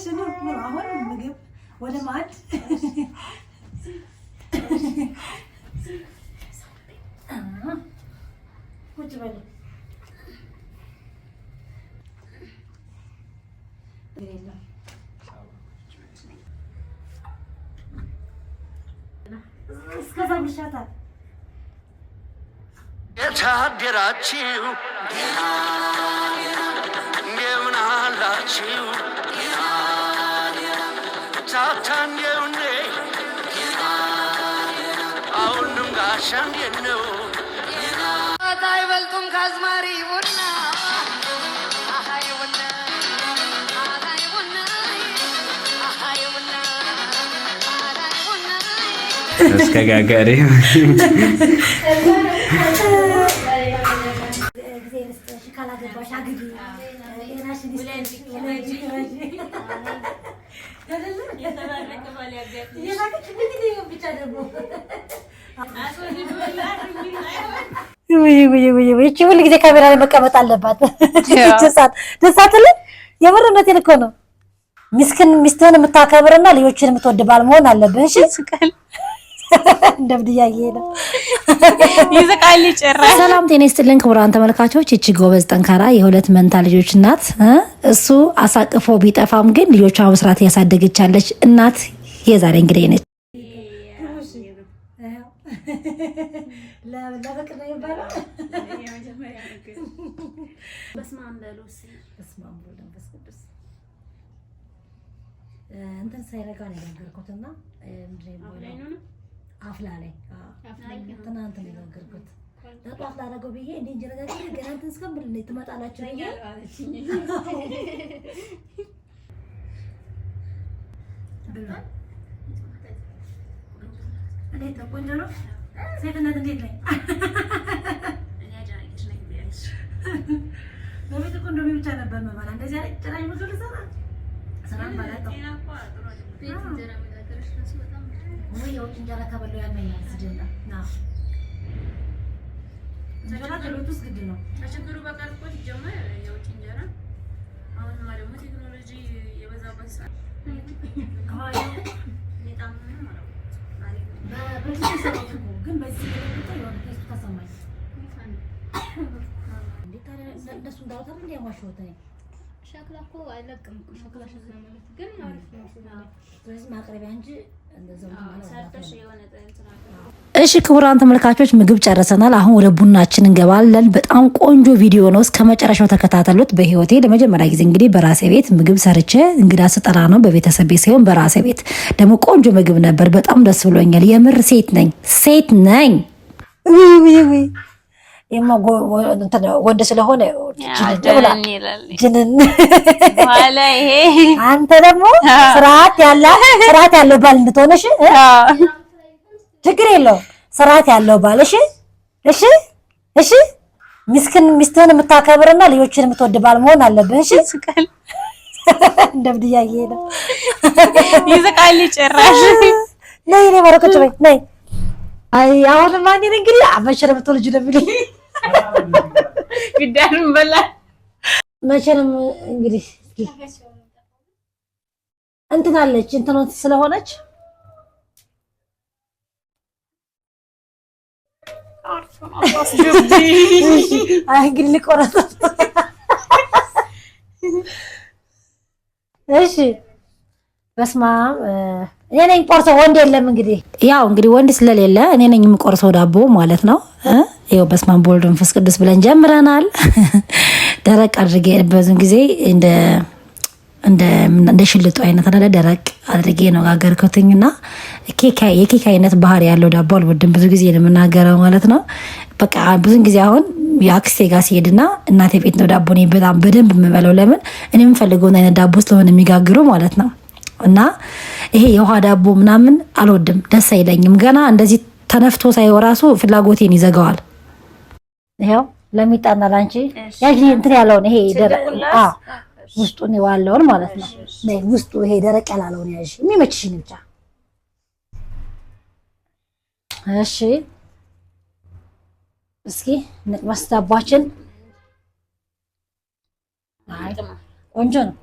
እሺ ነው አሁን ምግብ ወደ ማዕድ የታደራችሁ እንደምን አላችሁ? ጋሻም የለው አይበልጡም ከአዝማሪ ቡና እስከጋጋሪ ብቻ ደግሞ ይቺ ሁል ጊዜ ካሜራ ላይ መቀመጥ አለባት። ደሳት አትልም? የምር እውነቴን እኮ ነው። ሚስክን ሚስትህን የምታከብርና ልጆችን የምትወድ ባል መሆን አለብህ። እሺ ሰላም ጤና ይስጥልን ክቡራን ተመልካቾች። እቺ ጎበዝ ጠንካራ የሁለት መንታ ልጆች እናት እሱ አሳቅፎ ቢጠፋም ግን ልጆቿ መስራት እያሳደገች ያለች እናት የዛሬ እንግዲህ ነች። ለፍቅር ነው የሚባለው። በስመ አብ በሉ በስመ አብ ወወልድ ወመንፈስ ቅዱስ እንትን ሳይረጋ ነው የነገርኩት እና አፍላ ላይ ትናንት ነው የነገርኩት። ለጧፍ ላደረገው ብዬ እንደ እንጀራ ጋር ገና እንትን እስከምል ትመጣላችሁ ብሎ እኔ ተቆንጆ ነው። ሴትነት እንዴት ነኝ? በቤት እኮ እንደውም ብቻ ነበር መባላ እንደዚህ አይነት ጭራሽ ብዙ ልሰራ ስራም ባላጣው ወይ የውጭ እንጀራ ከበላሁ ያመኛል። ስጀምር ነው እንጀራ ከቤት ውስጥ ግድ ነው። ከችግሩ በቃ እኮ ሲጀመር የውጭ እንጀራ አሁንማ ደግሞ ቴክኖሎጂ የበዛበት ሰዓት ግን በዚህ ተሰማኝ። እንደሱ እንዳወጣም ሸክላ እኮ አይለቅም። ሸክላ ሸክላ ማለት ግን አሪፍ ነው። ስለዚህ ማቅረቢያ እንጂ እሺ ክቡራን ተመልካቾች ምግብ ጨርሰናል። አሁን ወደ ቡናችን እንገባለን። በጣም ቆንጆ ቪዲዮ ነው፣ እስከ መጨረሻው ተከታተሉት። በህይወቴ ለመጀመሪያ ጊዜ እንግዲህ በራሴ ቤት ምግብ ሰርቼ እንግዳ ስጠራ ነው፣ በቤተሰብ ቤት ሳይሆን በራሴ ቤት ደግሞ ቆንጆ ምግብ ነበር። በጣም ደስ ብሎኛል። የምር ሴት ነኝ ሴት ነኝ። ወንድ ስለሆነ ጅንን አንተ ደግሞ ስርዓት ያለው ባል እንድትሆነሽ ችግር የለው። ስርዓት ያለው ባል እሺ፣ እሺ፣ እሺ። ሚስትን ሚስትህን የምታከብርና ልጆችን የምትወድ ባል መሆን አለብህ። እሺ። እንደምድያ እየሄደ ይስቃል። ጭራሽ ነይ ነይ፣ በረከት በይ ነይ። አይ አሁንማ እኔን እንግዲህ አበሸረ ብትወልጂ ነው የሚሉኝ ግዳንም በላ መቼም እንግዲህ እንትን አለች እንትን ስለሆነች እንግዲህ ልቆረጥ። እሺ በስመ አብ እኔ ነኝ ቆርሰው ወንድ የለም እንግዲህ ያው እንግዲህ ወንድ ስለሌለ እኔ ነኝ የምቆርሰው ዳቦ ማለት ነው። ይኸው በስመ አብ ወወልድ ወመንፈስ ቅዱስ ብለን ጀምረናል። ደረቅ አድርጌ ብዙን ጊዜ እንደ እንደ አይነት አለ ደረቅ አድርጌ ነው ጋገርኩትኝና የኬክ አይነት ባህሪ ያለው ዳቦ አልወድም። ብዙ ጊዜ የምናገረው ማለት ነው። በቃ ብዙ ጊዜ አሁን የአክስቴ ጋር ሲሄድና እናቴ ቤት ነው ዳቦ በጣም በደንብ የምበለው። ለምን እኔ የምፈልገውን አይነት ዳቦ ስለሆነ የሚጋግሩ ማለት ነው እና ይሄ የውሃ ዳቦ ምናምን አልወድም፣ ደስ አይለኝም። ገና እንደዚህ ተነፍቶ ሳይው ራሱ ፍላጎቴን ይዘጋዋል። ይኸው ለሚጣና ላንቺ ያጅ እንትን ያለውን ይሄ ውስጡን የዋለውን ማለት ነው። ውስጡ ይሄ ደረቅ ያላለውን ያዥ፣ የሚመችሽን ብቻ እሺ። እስኪ ንቅመስ ዳቧችን ቆንጆ ነው።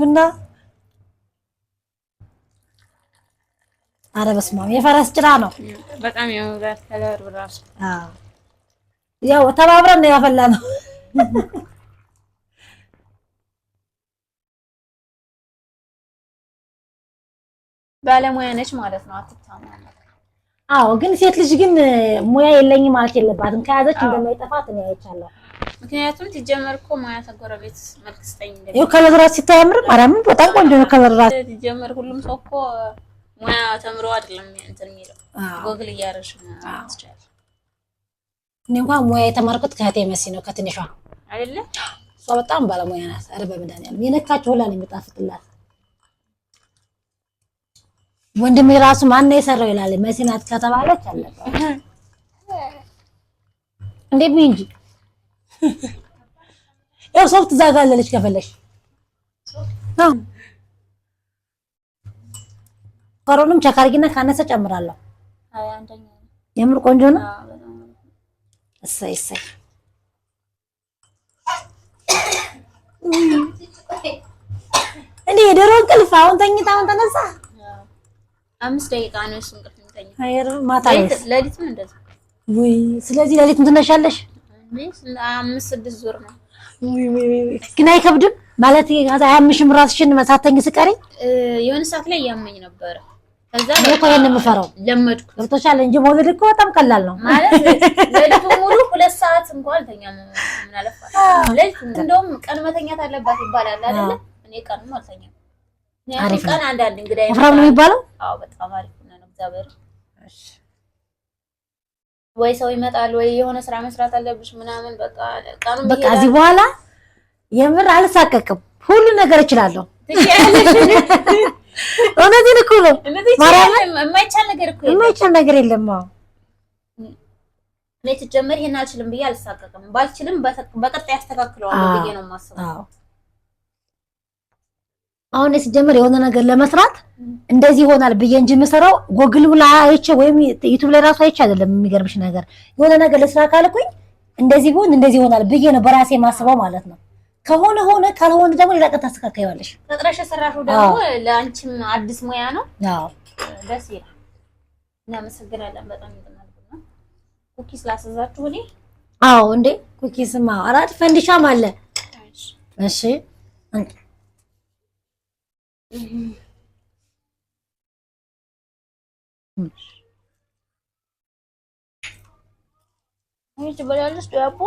ቡና አረ በስመ አብ የፈረስ ጭራ ነው። በጣም ያምራል። ከለር ብራስ አዎ፣ ያው ተባብረን ነው ያፈላ ነው። ባለሙያ ነች ማለት ነው። አትታማም። አዎ፣ ግን ሴት ልጅ ግን ሙያ የለኝም ማለት የለባትም። ከያዘች እንደማይጠፋት ነው ያይቻለሁ። ምክንያቱም ትጀመር እኮ ማያት ጎረቤት መልክ ስጠኝ እንደሚለው ከለራት ሲታምር ማርያምን በጣም ቆንጆ ነው። ከለራት ትጀመር ሁሉም ሰው እኮ ሙያ ተምሮ አይደለም እንትን የሚለው ጎግል እያረሽ ነው አስቻለ። እኔ እንኳን ሙያ የተማርኩት ከእህቴ መሲ ነው ከትንሿ አይደለ። እሷ በጣም ባለሙያ ናት። ኧረ በመድኃኒዓለም የነካቸው ሁላ ነው የሚጣፍጥላት። ወንድሜ ራሱ ማነው የሰራው ይላል። መሲናት ከተባለች አለ እንዴ ነው ያው ሶፍት እዛ ጋር አለች ከፈለሽ ፈሮንም ቸክ ካነሰ ጨምራለሁ። የምር ቆንጆ ነው። እሰይ እሰይ እንዴ የዶሮ እንቅልፍ አሁን ተኝታ አሁን ተነሳ። አምስት ደቂቃ ነው እሱ እንቅልፍ የሚተኛ ማታ ነው። ስለዚህ ሌሊት ትነሻለሽ አምስት ስድስት ዙር ነው። ግን አይከብድም ማለት አያምሽም? ራስሽን ሳተኝ ስቀሪ የሆነ ሰዓት ላይ እያመኝ ነበረ። ከዛ እኮ ይሄን የምፈራው ለመድኩ። ገብቶሻል እንጂ መውለድ እኮ በጣም ቀላል ነው ማለት ለሊቱ ሙሉ ሁለት ሰዓት እንኳን ተኛ ምን አለፋ። እንደውም ቀን መተኛት አለባት ይባላል እኔ አልተኛም። ቀን አንዳንድ ወፍራም ነው የሚባለው። አዎ በጣም አሪፍ ነው እግዚአብሔር ወይ ሰው ይመጣል፣ ወይ የሆነ ስራ መስራት አለብሽ ምናምን። በቃ ቀኑ በቃ እዚህ በኋላ የምር አልሳቀቅም፣ ሁሉ ነገር እችላለሁ። እውነቴን እኮ ነው። የማይቻል ነገር እኮ የማይቻል ነገር የለም። እኔ ትጀመር ይሄን አልችልም ብዬ አልሳቀቅም። ባልችልም በቀጣይ ያስተካክለዋል ብዬ ነው የማስበው። አሁን ሲጀምር የሆነ ነገር ለመስራት እንደዚህ ይሆናል ብዬ እንጂ የምሰራው ጎግል ላይ አይቼ ወይም ዩቲዩብ ላይ ራሱ አይቼ አይደለም። የሚገርምሽ ነገር የሆነ ነገር ለስራ ካልኩኝ እንደዚህ ቢሆን እንደዚህ ይሆናል ብዬ ነው በራሴ ማስበው ማለት ነው። ከሆነ ሆነ፣ ካልሆነ ደግሞ ሌላ ቀን ታስተካከይዋለሽ። ፈጥረሽ የሰራሽው ደግሞ ለአንቺም አዲስ ሙያ ነው። አዎ ደስ ይላል። እናመሰግናለን በጣም ይጥናልና ኩኪስ ላስዛችሁ እኔ። አዎ እንዴ ኩኪስማ አራት ፈንዲሻም አለ። እሺ ትበላለች ዳቦ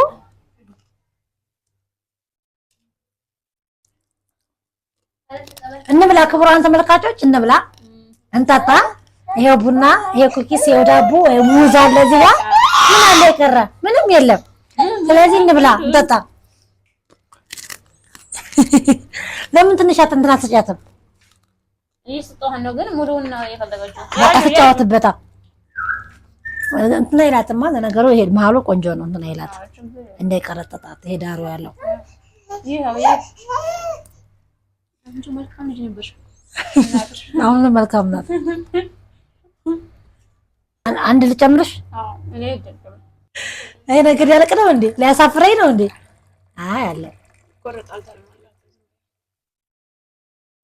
እንብላ። ክቡራን ተመልካቾች እንብላ፣ እንጠጣ። ይሄው ቡና፣ ይሄው ኩኪስ፣ ይሄው ዳቦ፣ ይሄው ሙዝ አለ እዚህ ጋር። ምን አለ የቀረ? ምንም የለም። ስለዚህ እንብላ፣ እንጠጣ። ለምን ትንሽ አትንትና አትጫትም? ይህ ስጦታ ነው፣ ግን ሙሉውን ነው የፈለገችው። አትጫወትበታ እንትና ይላትማ። ለነገሩ ይሄ መሀሉ ቆንጆ ነው። እንትና ይላት እንዳይቀረጠጣት ይሄ ዳሩ ያለው አሁን መልካም ናት። አንድ ልጨምርሽ። ይሄ ነገር ያለቅ ነው እንዴ? ሊያሳፍረኝ ነው እንዴ? አይ አለ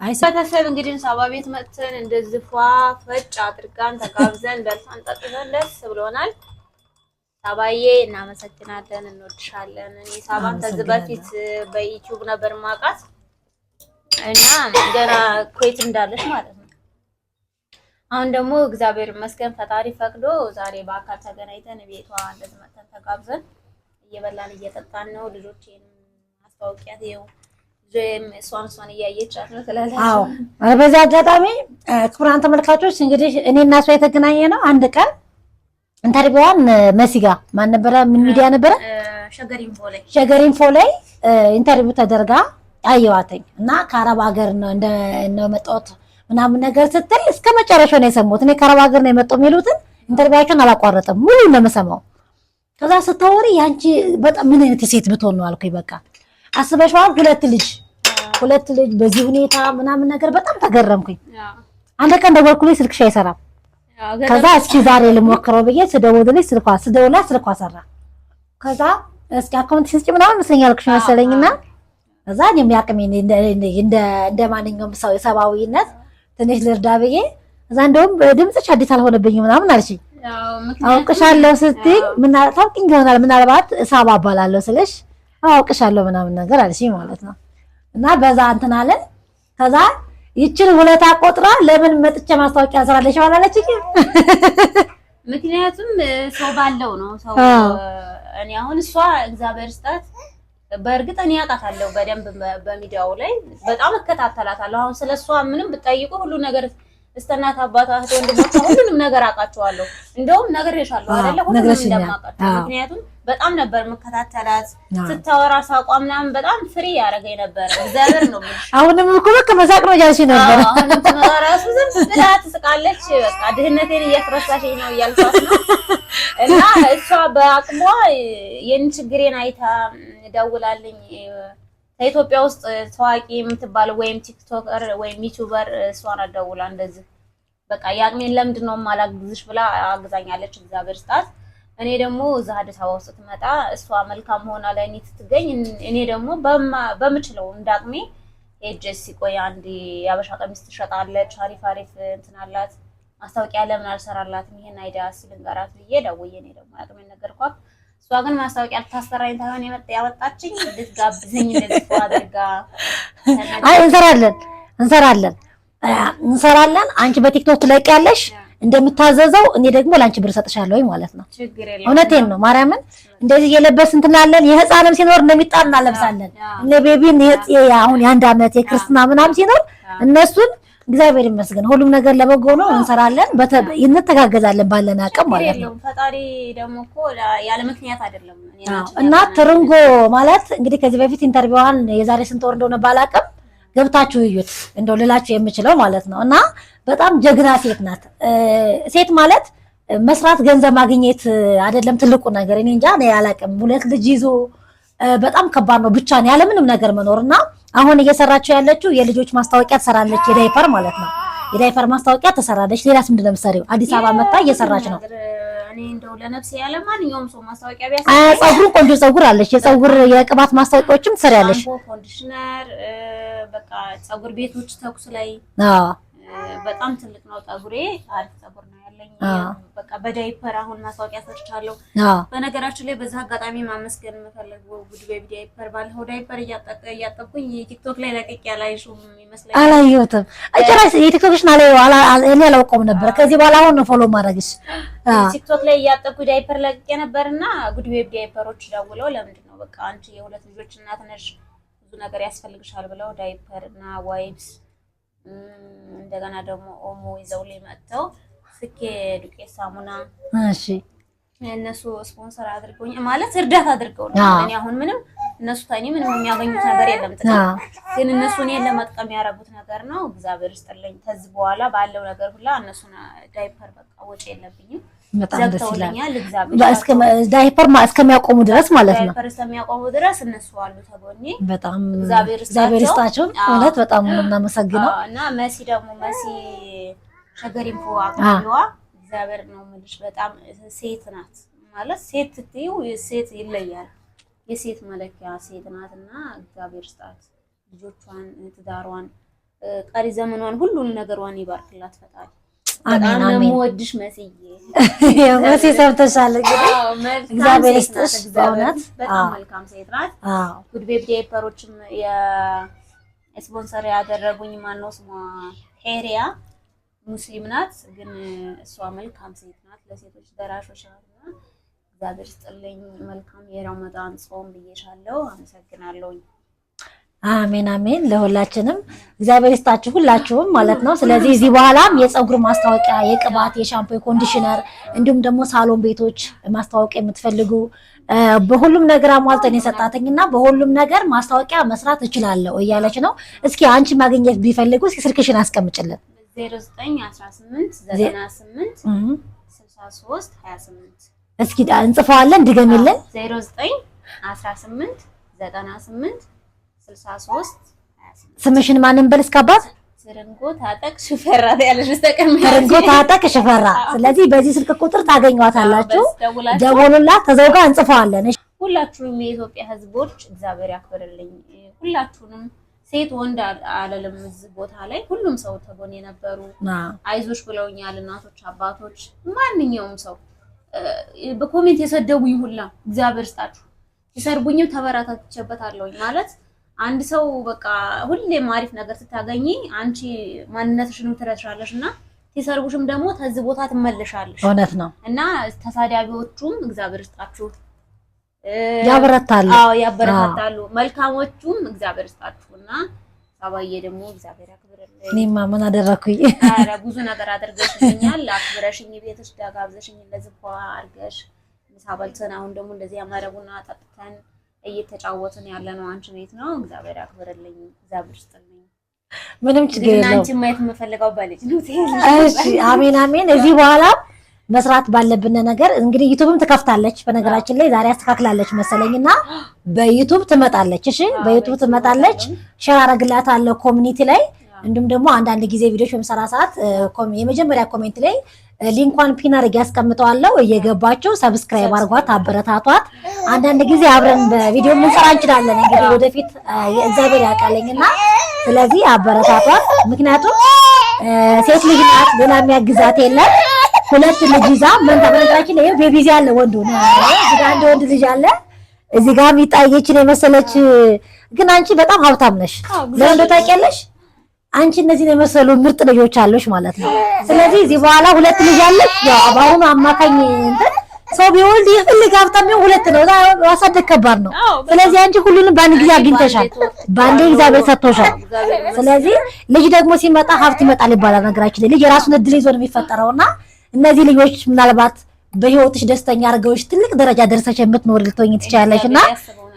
ቤተሰብ እንግዲህ ሳባ ቤት መጥተን እንደዚህ ፏ ፈጭ አድርጋን ተጋብዘን በልተን ጠጥተን ደስ ብሎናል። ሳባዬ እናመሰግናለን፣ እንወድሻለን። እኔ ሳባን ከዚህ በፊት በዩቲዩብ ነበር ማውቃት እና ገና ኩዌት እንዳለች ማለት ነው። አሁን ደግሞ እግዚአብሔር ይመስገን ፈጣሪ ፈቅዶ ዛሬ በአካል ተገናኝተን ቤቷ እንደዚህ መጥተን ተጋብዘን እየበላን እየጠጣን ነው። ልጆቼንም አስተዋውቂያት ይኸው እሷን እያየቻት ነው ትላለች። በዚህ አጋጣሚ ክቡራን ተመልካቾች እንግዲህ እኔ እና እሷ የተገናኘ ነው አንድ ቀን ኢንተርቪዋን መሲጋ ማን ነበረ? ምን ሚዲያ ነበረ? ኢንፎ ላይ ኢንተርቪው ተደርጋ አየዋተኝ እና ከአረብ ሀገር ነው እንደመጣሁት ምናምን ነገር ስትል እስከ መጨረሻው ነው የሰማሁት። እኔ ከአረብ ሀገር ነው የመጣሁ የሚሉትን አላቋረጠም ሙሉ ነው የምሰማው። ከዛ ስታወሪ ያንቺ በጣም ምን አይነት ሴት ብትሆን ነው አልኩኝ። በቃ አስበሽዋል ሁለት ልጅ ሁለት ልጅ በዚህ ሁኔታ ምናምን ነገር በጣም ተገረምኩኝ። አንድ ቀን ደወልኩልኝ፣ ስልክሽ አይሰራም። ከዛ እስኪ ዛሬ ልሞክረው ብዬ ስደውልልኝ ስልኳ ስደውልላት ስልኳ ሰራ። ከዛ እስኪ አካውንት ስጭ ምናምን መስለኝ አልኩሽ መሰለኝና ከዛ እኔም ያቅሜን እንደ ማንኛውም ሰው የሰብአዊነት ትንሽ ልርዳ ብዬ እዛ እንደውም ድምፅሽ አዲስ አልሆነብኝ ምናምን አልሽኝ። አውቅሻለሁ ስትይኝ ታውቂኝ ይሆናል ምናልባት እሳባ እባላለሁ ስልሽ አውቅሻለሁ ምናምን ነገር አልሽኝ ማለት ነው። እና በዛ እንትን አለ። ከዛ ይችን ውለታ ቆጥራ ለምን መጥቼ ማስታወቂያ ስራለሽ አላለች። ምክንያቱም ሰው ባለው ነው ሰው እኔ አሁን እሷ እግዚአብሔር ስጣት። በእርግጥ እኔ አውቃታለሁ በደንብ በሚዲያው ላይ በጣም እከታተላታለሁ። አሁን ስለሷ ምንም ብጠይቁ ሁሉ ነገር እስከ እናት አባት፣ እህት፣ ወንድሞች ሁሉንም ነገር አውቃቸዋለሁ። እንደውም ነግሬሻለሁ አይደለ? ሁሉንም እንደማውቃቸው ምክንያቱም በጣም ነበር የምከታተላት ስታወራ ሳቋ ምናምን በጣም ፍሪ ያደረገኝ ነበር። እግዚአብሔር ነው አሁንም እኮ በቃ መሳቅ ነው ያልሽ ነበር። ራሱ ተመራራሱ ዝም ብላ ትስቃለች። በቃ ድህነቴን እያስረሳሽኝ ነው እያልኳት ነው። እና እሷ በአቅሟ የኔን ችግሬን አይታ ደውላልኝ ከኢትዮጵያ ውስጥ ታዋቂ የምትባለው ወይም ቲክቶከር ወይም ዩቲዩበር እሷን አደውላ እንደዚህ በቃ የአቅሜን ለምንድን ነው የማላግዝሽ ብላ አግዛኛለች። እግዚአብሔር ስጣት። እኔ ደግሞ እዛ አዲስ አበባ ውስጥ ትመጣ እሷ መልካም ሆና ላይ ትትገኝ እኔ ደግሞ በምችለው እንደ አቅሜ ኤጀስ ሲቆይ አንድ የአበሻ ቀሚስ ትሸጣለች። አሪፍ አሪፍ እንትናላት ማስታወቂያ ለምን አልሰራላትም? ይሄን አይዲያ ሲልንገራት ብዬ ደውዬ እኔ ደግሞ አቅሜን ነገርኳት። እሷ ግን ማስታወቂያ ልታሰራኝ ሳይሆን ያወጣችኝ ልትጋብዘኝ እንደዚህ አድርጋ። አይ እንሰራለን እንሰራለን እንሰራለን። አንቺ በቲክቶክ ትለቂያለሽ እንደምታዘዘው እኔ ደግሞ ለአንቺ ብር ሰጥሻለሁ ማለት ነው። እውነቴን ነው ማርያምን። እንደዚህ እየለበስን እንትናለን። የህፃንም ሲኖር እንደሚጣል እናለብሳለን። እነ ቤቢን አሁን የአንድ አመት የክርስትና ምናምን ሲኖር እነሱን እግዚአብሔር ይመስገን ሁሉም ነገር ለበጎ ነው። እንሰራለን፣ እንተጋገዛለን ባለን አቅም ማለት ነው። ፈጣሪ ደግሞ እኮ ያለ ምክንያት አይደለም እና ትርንጎ ማለት እንግዲህ ከዚህ በፊት ኢንተርቪዋን የዛሬ ስንት ወር እንደሆነ ባላቅም ገብታችሁ እዩት እንደው ልላችሁ የምችለው ማለት ነው። እና በጣም ጀግና ሴት ናት። ሴት ማለት መስራት ገንዘብ ማግኘት አይደለም ትልቁ ነገር። እኔ እንጃ አላቅም ሁለት ልጅ ይዞ በጣም ከባድ ነው ብቻ ነው ያለምንም ነገር መኖር እና አሁን እየሰራችው ያለችው የልጆች ማስታወቂያ ትሰራለች፣ የዳይፐር ማለት ነው። የዳይፐር ማስታወቂያ ትሰራለች። ሌላስ ምንድን ነው የምትሰሪው? አዲስ አበባ መታ እየሰራች ነው። ፀጉሩን ቆንጆ ፀጉር አለች። የፀጉር የቅባት ማስታወቂያዎችም ትሰሪያለች። ፀጉር ቤቶች ተኩስ ላይ በጣም ትልቅ ነው ፀጉሬ አሪፍ ጸጉር ነው አለኝ። በቃ በዳይፐር አሁን ማስታወቂያ ሰርቻለሁ። በነገራችን ላይ በዛ አጋጣሚ ማመስገን የምፈልገው ጉድ ቤቢ ዳይፐር ባለው ዳይፐር እያጠብኩኝ ቲክቶክ ላይ ለቅቄ አላየሽውም ይመስለኛል። አላየሁትም ጭራሽ የቲክቶክሽን እኔ አላውቀውም ነበር። ከዚህ በኋላ አሁን ነው ፎሎ ማድረግሽ። ቲክቶክ ላይ እያጠብኩኝ ዳይፐር ለቅቄ ነበር እና ጉድ ቤቢ ዳይፐሮች ደውለው ለምንድን ነው በቃ አንቺ የሁለት ልጆች እናት ነሽ ብዙ ነገር ያስፈልግሻል ብለው ዳይፐር እና ዋይፕስ እንደገና ደግሞ ኦሞ ይዘው ላይ መጥተው ልክ የዱቄት ሳሙና እሺ፣ እነሱ ስፖንሰር አድርገውኝ ማለት እርዳታ አድርገው ነው። እኔ አሁን ምንም እነሱ ከእኔ ምንም የሚያገኙት ነገር የለም። ጥቅም ግን እነሱ እኔን ለመጥቀም ያደረጉት ነገር ነው። እግዚአብሔር ይስጥልኝ። ከዚህ በኋላ ባለው ነገር ሁላ እነሱን ዳይፐር በቃ ወጪ የለብኝም። በጣም ደስ ዳይፐር እስከሚያቆሙ ድረስ ማለት ነው። ዳይፐር እስከሚያቆሙ ድረስ እነሱ አሉ ተጎኔ። በጣም እግዚአብሔር ይስጣቸው። እውነት በጣም ነው የምናመሰግነው እና መሲ ደግሞ መሲ ሸገር ኢንፎ አቅራቢዋ እግዚአብሔር ነው የምልሽ። በጣም ሴት ናት ማለት ሴት ትይው የሴት ይለያል። የሴት መለኪያ ሴት ናት እና እግዚአብሔር ስጣት ልጆቿን፣ ትዳሯን፣ ቀሪ ዘመኗን፣ ሁሉን ነገሯን ይባርክላት ፈጣሪ። በጣም ለምወድሽ መስዬ መሲ ሰብተሻል። እግዚአብሔር ስጥሽ በእውነት በጣም መልካም ሴት ናት። ጉድ ቤቢ ዳይፐሮችም የስፖንሰር ያደረጉኝ ማነው ስሟ ሄሪያ ሙስሊም ናት፣ ግን እሷ መልካም ሴት ናት፣ ለሴቶች ደራሾች ናት። እና እግዚአብሔር ስጥልኝ። መልካም የረመዳን ጾም ብዬሻለው። አመሰግናለውኝ። አሜን አሜን። ለሁላችንም እግዚአብሔር ይስጣችሁ ሁላችሁም ማለት ነው። ስለዚህ እዚህ በኋላም የፀጉር ማስታወቂያ፣ የቅባት፣ የሻምፖ፣ የኮንዲሽነር እንዲሁም ደግሞ ሳሎን ቤቶች ማስታወቂያ የምትፈልጉ በሁሉም ነገር አሟልተን የሰጣተኝ እና በሁሉም ነገር ማስታወቂያ መስራት እችላለሁ እያለች ነው። እስኪ አንቺ ማግኘት ቢፈልጉ እስኪ ስልክሽን አስቀምጭልን። እስኪ እንጽፈዋለን፣ ድገሚልን። 0918986328 ስምሽን ማንን በል እስከ አባት ርንጎ ታጠቅ ሽፈራ ያለሽ ርንጎ ታጠቅ ሽፈራ። ስለዚህ በዚህ ስልክ ቁጥር ታገኟታላችሁ። ደውሉላት፣ ተዘውጋ እንጽፈዋለን። ሁላችሁም የኢትዮጵያ ሕዝቦች እግዚአብሔር ያክብርልኝ ሁላችሁንም ሴት ወንድ አለልም። እዚህ ቦታ ላይ ሁሉም ሰው ተጎን የነበሩ አይዞች ብለውኛል፣ እናቶች፣ አባቶች፣ ማንኛውም ሰው በኮሜንት የሰደቡኝ ሁላ እግዚአብሔር ስጣችሁ። ሲሰርቡኝም አለውኝ ማለት አንድ ሰው በቃ ሁሌም አሪፍ ነገር ስታገኝ አንቺ ማንነትሽንም ትረሻለሽ እና ሲሰርጉሽም ደግሞ ተዚህ ቦታ ትመለሻለሽ። እውነት ነው እና ተሳዳቢዎቹም እግዚአብሔር ስጣችሁ። ያበረታሉ። አዎ ያበረታታሉ። መልካሞቹም እግዚአብሔር ይስጣችሁና አባዬ ደግሞ እግዚአብሔር ያክብርልኝ። እኔማ ምን አደረኩኝ? አረ ብዙ ነገር አድርገሽኛል። አክብረሽኝ፣ ቤትሽ ጋብዘሽኝ እንደዚህ ፏ አድርገሽ ምሳ በልተን አሁን ደግሞ እንደዚህ ያማረ ቡና ጠጥተን እየተጫወትን ያለ ነው አንቺ ቤት ነው። እግዚአብሔር ያክብርልኝ፣ እግዚአብሔር ስጥልኝ። ምንም ችግር የለውም። አንቺ ማየት የምፈልገው በልጅ ነው። እሺ፣ አሜን አሜን። እዚህ በኋላ መስራት ባለብን ነገር እንግዲህ ዩቱብም ትከፍታለች። በነገራችን ላይ ዛሬ አስተካክላለች መሰለኝ በዩቱብ ትመጣለች። እሺ በዩቱብ ትመጣለች። አረግላት አለ ኮሚኒቲ ላይ እንዲሁም ደግሞ አንዳንድ ጊዜ ቪዲዮች በምሰራ ሰዓት የመጀመሪያ ኮሜንት ላይ ሊንኳን ፒን አድርጌ ያስቀምጠዋለሁ። እየገባችሁ ሰብስክራይብ አድርጓት፣ አበረታቷት። አንዳንድ ጊዜ አብረን በቪዲዮ ምንሰራ እንችላለን። እንግዲህ ወደፊት እግዚአብሔር ያውቃለኝና ስለዚህ አበረታቷት። ምክንያቱም ሴት ልጅ ናት፣ ገና የሚያግዛት የለም ሁለት ልጅ ይዛ መንታ በነገራችን ላይ ቤቢ ያለ ወንዱ ነው። ጋር አንድ ወንድ ልጅ አለ። እዚህ ጋር ነው የመሰለች ግን አንቺ በጣም ሀብታም ነሽ። ለምን ታውቂያለሽ? አንቺ እነዚህን የመሰሉ ምርጥ ልጆች አለሽ ማለት ነው። ስለዚህ እዚህ በኋላ ሁለት ልጅ አለሽ። ያው በአሁኑ አማካኝ እንትን ሰው ቢወልድ የፈለገ ሀብታም ቢሆን ሁለት ነው። ማሳደግ ከባድ ነው። ስለዚህ አንቺ ሁሉንም በአንድ ጊዜ አግኝተሻል፣ በአንዴ እግዚአብሔር ሰጥቶሻል። ስለዚህ ልጅ ደግሞ ሲመጣ ሀብት ይመጣል ይባላል። ነገራችን ልጅ የራሱን እድል ይዞ ነው የሚፈጠረውና እነዚህ ልጆች ምናልባት በህይወትሽ ደስተኛ አድርገውሽ ትልቅ ደረጃ ደርሰሽ የምትኖር ልትሆኝ ትችላለሽ እና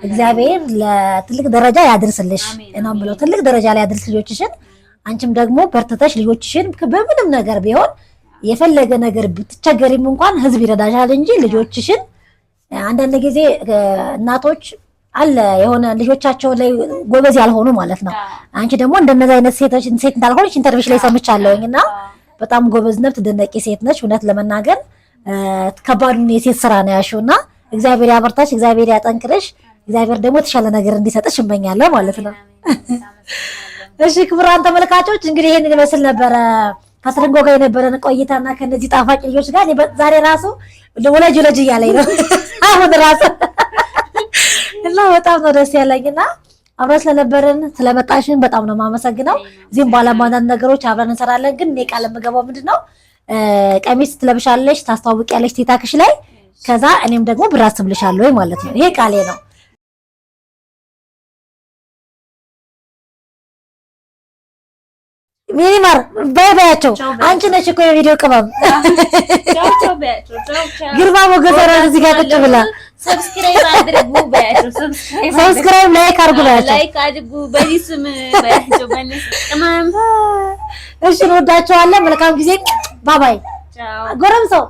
እግዚአብሔር ለትልቅ ደረጃ ያድርስልሽ ነው ብለው ትልቅ ደረጃ ላይ ያድርስ ልጆችሽን። አንቺም ደግሞ በርትተሽ ልጆችሽን በምንም ነገር ቢሆን የፈለገ ነገር ብትቸገሪም እንኳን ህዝብ ይረዳሻል እንጂ ልጆችሽን አንዳንድ ጊዜ እናቶች አለ የሆነ ልጆቻቸው ላይ ጎበዝ ያልሆኑ ማለት ነው። አንቺ ደግሞ እንደነዚ አይነት ሴት እንዳልሆነች ኢንተርቪሽ ላይ ሰምቻለሁኝ እና በጣም ጎበዝ ነህ፣ ትደነቂ ሴት ነች። እውነት ለመናገር ከባዱን የሴት ስራ ነው ያልሽው እና እግዚአብሔር ያበርታች፣ እግዚአብሔር ያጠንክርሽ፣ እግዚአብሔር ደግሞ የተሻለ ነገር እንዲሰጥሽ እመኛለሁ ማለት ነው። እሺ ክቡራን ተመልካቾች እንግዲህ ይህንን ይመስል ነበረ ከስርንጎ ጋር የነበረን ቆይታና ከነዚህ ጣፋጭ ልጆች ጋር ዛሬ ራሱ ወለጅ ወለጅ እያለኝ ነው አሁን ራሱ እና በጣም ነው ደስ ያለኝና አብረን ስለነበረን ስለመጣሽን በጣም ነው የማመሰግነው። እዚህም ባለማናት ነገሮች አብረን እንሰራለን። ግን እኔ ቃል የምገባው ምንድን ነው ቀሚስ ትለብሻለሽ፣ ታስተዋውቂያለሽ ቲክታክሽ ላይ ከዛ እኔም ደግሞ ብራስ ትምልሻለሁ ማለት ነው። ይሄ ቃሌ ነው። ሚኒማር ባይ ባያቸው አንቺ ነሽ እኮ የቪዲዮ ቅመም ግርማ ሞገስ እራሱ እዚህ ጋር ቁጭ ብላ ሰብስክራይብ ላይክ አድርጉ ባያቸው፣ ላይክ እሺ እንወዳቸዋለን። መልካም ጊዜ። ባባይ ሰው።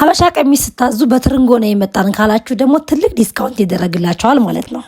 ሀበሻ ቀሚስ ስታዙ በትርንጎ ነው የመጣን ካላችሁ ደግሞ ትልቅ ዲስካውንት ይደረግላቸዋል ማለት ነው።